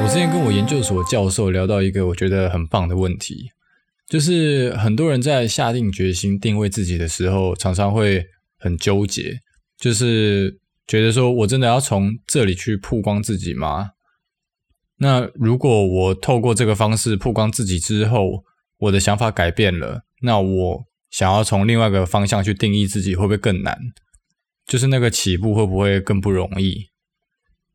我之前跟我研究所的教授聊到一個我覺得很棒的問題，就是很多人在下定決心定位自己的時候，常常會很糾結，就是覺得說我真的要從這裡去曝光自己嗎？那如果我透過這個方式曝光自己之後，我的想法改變了，那我想要從另外一個方向去定義自己，會不會更難？就是那個起步會不會更不容易？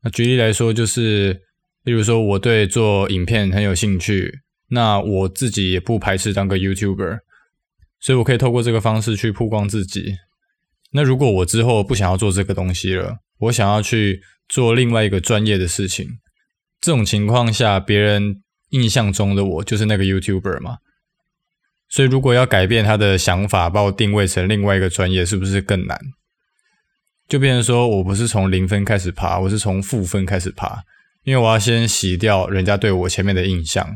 那舉例來說，就是例如說我對做影片很有興趣，那我自己也不排斥當個 YouTuber，所以我可以透過這個方式去曝光自己。那如果我之後不想要做這個東西了，我想要去做另外一個專業的事情，這種情況下，別人印象中的我就是那個 YouTuber 嘛？所以，如果要改變他的想法，把我定位成另外一個專業，是不是更難？就變成說我不是從零分開始爬，我是從負分開始爬，因為我要先洗掉人家對我前面的印象。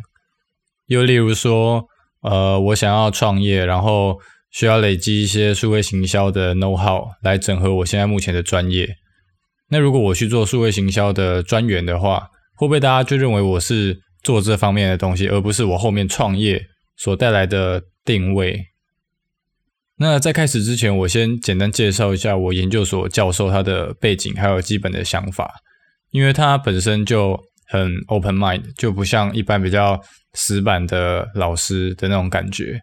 又例如說，呃，我想要創業，然後需要累積一些數位行銷的 know-how 來整合我現在目前的專業。那如果我去做數位行銷的專員的話，會不會大家就認為我是做這方面的東西，而不是我後面創業？所帶來的定位。那在開始之前，我先簡單介紹一下我研究所教授他的背景還有基本的想法，因為他本身就很 open mind，就不像一般比較死板的老師的那種感覺。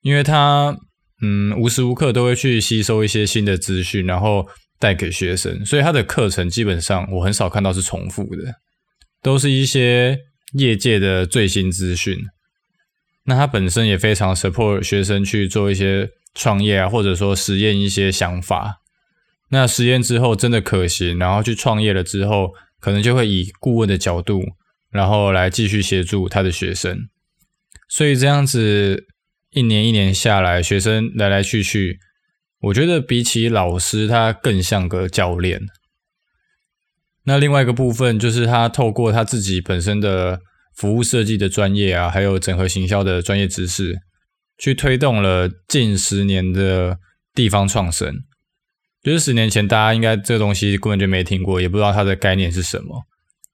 因為他嗯無時無刻都會去吸收一些新的資訊，然後帶給學生，所以他的課程基本上我很少看到是重複的，都是一些業界的最新資訊。那他本身也非常 support 學生去做一些創業啊，或者說實驗一些想法。那實驗之後真的可行，然後去創業了之後，可能就會以顧問的角度，然後來繼續協助他的學生。所以這樣子一年一年下來，學生來來去去，我覺得比起老師，他更像個教練。那另外一個部分就是他透過他自己本身的。服務設計的專業啊，還有整合行銷的專業知識，去推動了近十年的地方創生。就是十年前，大家應該這東西根本就沒聽過，也不知道它的概念是什麼。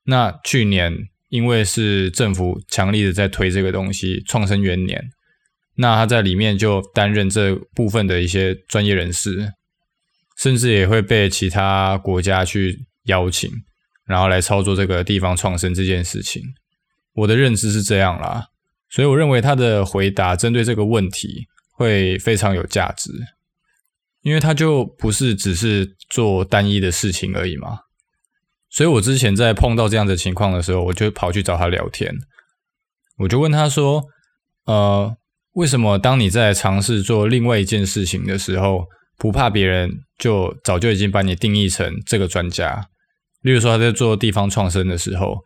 那去年因為是政府強力的在推這個東西，創生元年，那他在裡面就擔任這部分的一些專業人士，甚至也會被其他國家去邀請，然後來操作這個地方創生這件事情。我的認知是這樣啦，所以我認為他的回答針對這個問題會非常有價值，因為他就不是只是做單一的事情而已嘛。所以我之前在碰到這樣的情況的時候，我就跑去找他聊天，我就問他說：“呃，為什麼當你在嘗試做另外一件事情的時候，不怕別人就早就已經把你定義成這個專家？”例如說他在做地方創生的時候。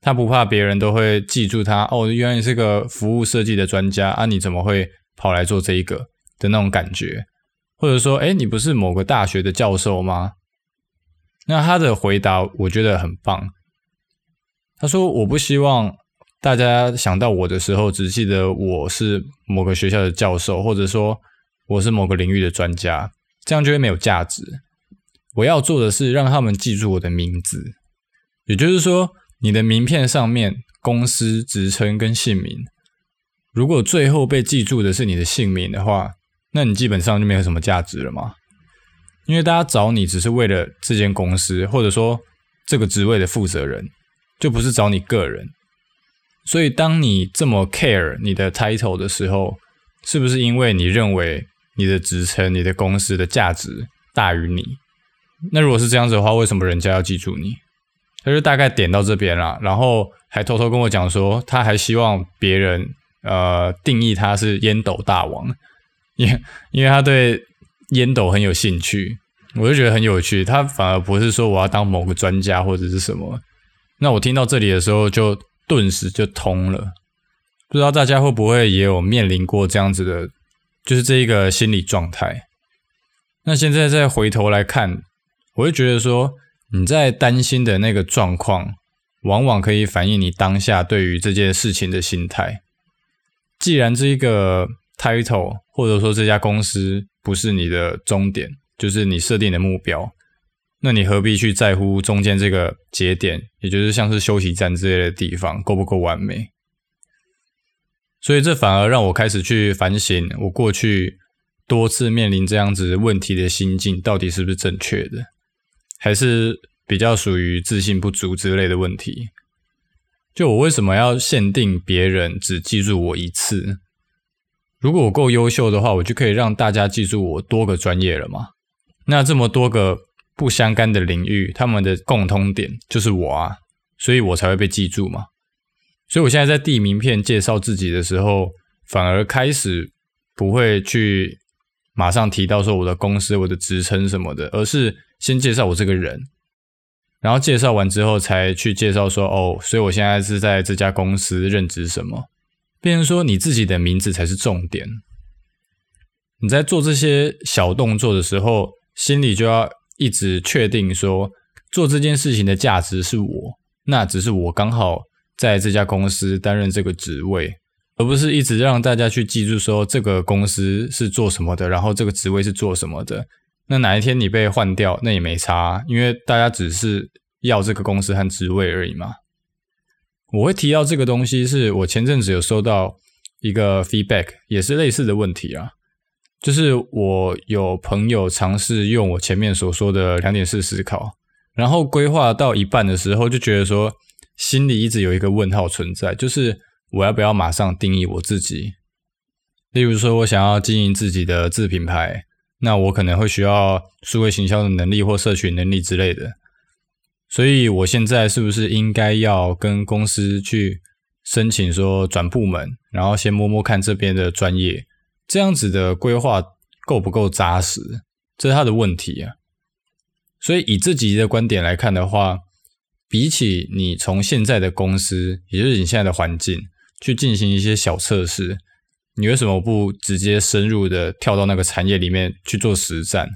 他不怕別人都會記住他哦。原來你是個服務設計的專家啊？你怎麼會跑來做這一個的那種感覺？或者說，哎，你不是某個大學的教授嗎？那他的回答我覺得很棒。他說：“我不希望大家想到我的時候只記得我是某個學校的教授，或者說我是某個領域的專家，這樣就會沒有價值。我要做的是讓他們記住我的名字，也就是說。”你的名片上面公司職稱跟姓名，如果最後被記住的是你的姓名的話，那你基本上就沒有什麼價值了嘛。因為大家找你只是為了這間公司，或者說這個職位的負責人，就不是找你個人。所以當你這麼 care 你的 title 的時候，是不是因為你認為你的職稱、你的公司的價值大於你？那如果是這樣子的話，為什麼人家要記住你？他就大概點到這邊了，然後還偷偷跟我講說，他還希望別人呃定義他是菸斗大王，因為因為他對菸斗很有興趣，我就覺得很有趣。他反而不是說我要當某個專家或者是什麼。那我聽到這裡的時候就頓時就通了，不知道大家會不會也有面臨過這樣子的，就是這一個心理狀態。那現在再回頭來看，我就覺得說。你在擔心的那個狀況，往往可以反映你當下對於這件事情的心態。既然這一個 title 或者說這家公司不是你的終點，就是你設定的目標，那你何必去在乎中間這個節點，也就是像是休息站之類的地方，夠不夠完美？所以這反而讓我開始去反省，我過去多次面臨這樣子問題的心境，到底是不是正確的？還是比較屬於自信不足之類的問題。就我為什麼要限定別人只記住我一次？如果我夠優秀的話，我就可以讓大家記住我多個專業了嘛。那這麼多個不相干的領域，他們的共通點就是我啊，所以我才會被記住嘛。所以我現在在遞名片介紹自己的時候，反而開始不會去。馬上提到說我的公司、我的職稱什麼的，而是先介紹我這個人，然後介紹完之後才去介紹說哦，所以我現在是在這家公司任職什麼，變成說你自己的名字才是重點。你在做這些小動作的時候，心裡就要一直確定說做這件事情的價值是我，那只是我剛好在這家公司擔任這個職位。而不是一直讓大家去記住說，這個公司是做什麼的，然後這個職位是做什麼的。那哪一天你被換掉，那也沒差啊，因為大家只是要這個公司和職位而已嘛。我會提到這個東西，是我前陣子有收到一個 feedback，也是類似的問題啊，就是我有朋友嘗試用我前面所說的兩點式思考，然後規劃到一半的時候，就覺得說心裡一直有一個問號存在，就是。我要不要馬上定義我自己？例如說，我想要經營自己的自品牌，那我可能會需要數位行銷的能力或社群能力之類的。所以，我現在是不是應該要跟公司去申請說轉部門，然後先摸摸看這邊的專業，這樣子的規劃夠不夠扎實？這是他的問題啊。所以，以自己的觀點來看的話，比起你從現在的公司，也就是你現在的環境。去進行一些小測試，你為什麼不直接深入的跳到那個產業裡面去做實戰？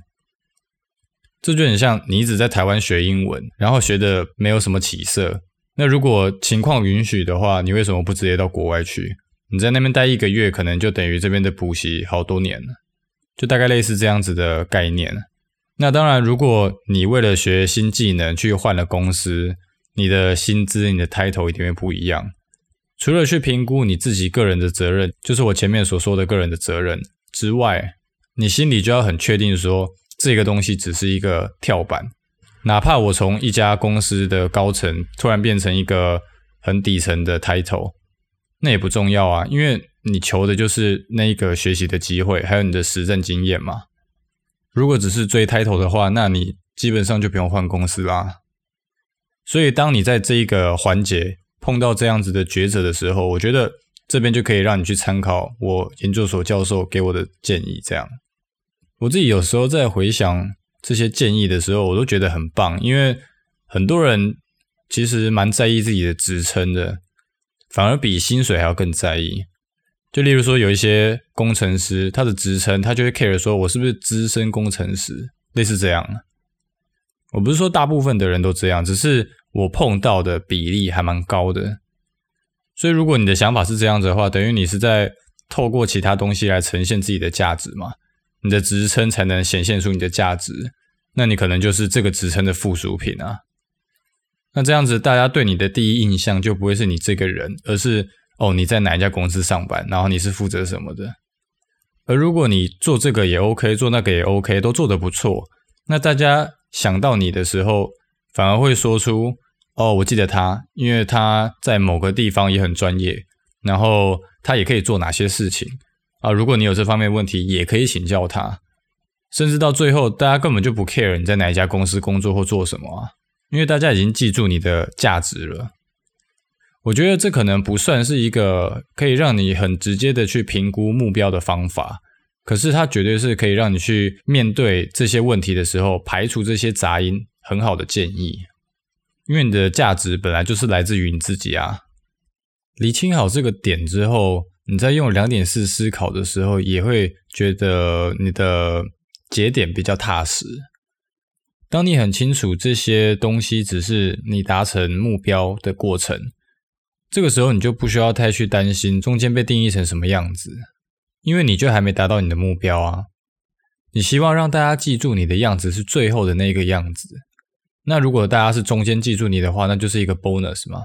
這就很像你一直在台灣學英文，然後學的沒有什麼起色。那如果情況允許的話，你為什麼不直接到國外去？你在那邊待一個月，可能就等於這邊的補習好多年了，就大概類似這樣子的概念。那當然，如果你為了學新技能去換了公司，你的薪資、你的 title 一定會不一樣。除了去評估你自己個人的責任，就是我前面所說的個人的責任之外，你心裡就要很確定說，這個東西只是一個跳板，哪怕我從一家公司的高層突然變成一個很底層的 title，那也不重要啊，因為你求的就是那一個學習的機會，還有你的實戰經驗嘛。如果只是追 title 的話，那你基本上就不用換公司啦。所以，當你在這一個環節，碰到這樣子的抉擇的時候，我覺得這邊就可以讓你去參考我研究所教授給我的建議。這樣，我自己有時候在回想這些建議的時候，我都覺得很棒，因為很多人其實蠻在意自己的職稱的，反而比薪水還要更在意。就例如說，有一些工程師，他的職稱他就會 care 說，我是不是資深工程師，類似這樣。我不是說大部分的人都這樣，只是。我碰到的比例還蠻高的，所以如果你的想法是這樣子的話，等於你是在透過其他東西來呈現自己的價值嘛，你的職稱才能顯現出你的價值，那你可能就是這個職稱的附屬品啊。那這樣子，大家對你的第一印象就不會是你這個人，而是，哦，你在哪一家公司上班，然後你是負責什麼的。而如果你做這個也 OK，做那個也 OK，都做得不錯，那大家想到你的時候，反而會說出哦，我記得他，因為他在某個地方也很專業，然後他也可以做哪些事情。啊，如果你有這方面問題，也可以請教他。甚至到最後，大家根本就不 care 你在哪一家公司工作或做什麼啊，因為大家已經記住你的價值了。我覺得這可能不算是一個可以讓你很直接的去評估目標的方法，可是它絕對是可以讓你去面對這些問題的時候排除這些雜音。很好的建議，因為你的價值本來就是來自於你自己啊。理清好這個點之後，你在用兩點式思考的時候，也會覺得你的節點比較踏實。當你很清楚這些東西只是你達成目標的過程，這個時候你就不需要太去擔心中間被定義成什麼樣子，因為你就還沒達到你的目標啊。你希望讓大家記住你的樣子是最後的那個樣子。那如果大家是中間記住你的話，那就是一個 bonus 嘛。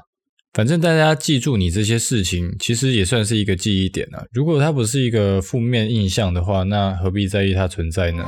反正大家記住你這些事情，其實也算是一個記憶點啊。如果它不是一個負面印象的話，那何必在意它存在呢？